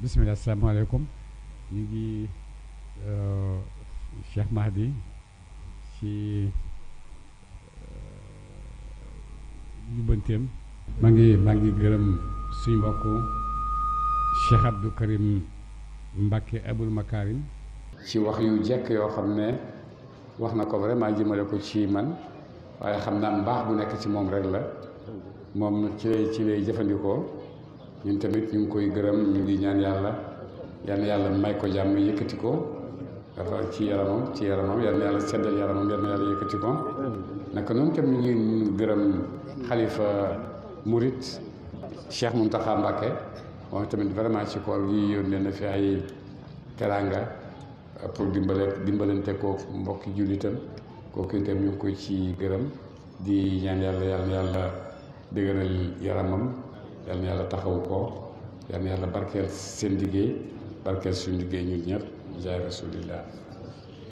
bisimilah asalaamaaleykum ñu ngi euh, Cheikh Mahdi ci euh, yubbanteem maa ngi maa ngi gërëm suñu mbokk Cheikh Abdou Karim Mbacke Abul Makarim ci wax yu jekk yoo xam ne wax na ko vraiment jëmale ko ci man waaye xam naa mbaax bu nekk ci moom rek la moom ci lay ci lay jëfandikoo ñun tamit ñu ngi koy gërëm ñu ñaan yàlla yal yàlla may ko jàmm yëkkati ko dafa ci yaramam ci yaramam yal na yàlla seddal yaramam yal na yàlla yëkkati naka noonu tamit ñu gërëm xalifa Murit Cheikh Mountakha Mbacké moom tamit vraiment ci koor yi yónnee na fi ay teraanga pour dimbale dimbalante ko mbokki jullitam kooku itam ñu ngi ko ci gërëm di ñaan yàlla yàlla yàlla yaramam yal na yàlla taxawu ko yal na yàlla barkeel seen liggéey barkeel suñu liggéey ñu ñëpp jaay rasulillah